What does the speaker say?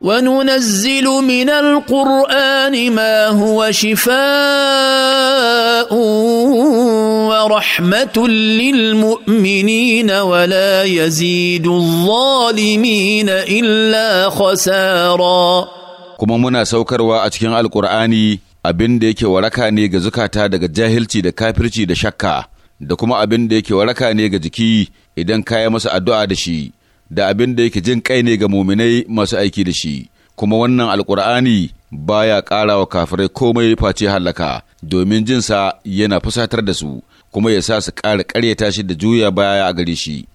وننزل من القران ما هو شفاء ورحمه للمؤمنين ولا يزيد الظالمين الا خسارا kuma muna saukarwa a cikin alkur'ani abin da yake waraka ne ga zukata daga jahilci da kafirci da shakka da kuma abin da yake waraka ne ga jiki idan kaya masa addu'a da shi da abin da yake jin kai ne ga muminai masu aiki da shi kuma wannan alkur'ani baya kara wa kafirai komai face hallaka domin jinsa yana fusatar da su kuma ya sa su ƙara ƙaryata shi da juya baya a gare shi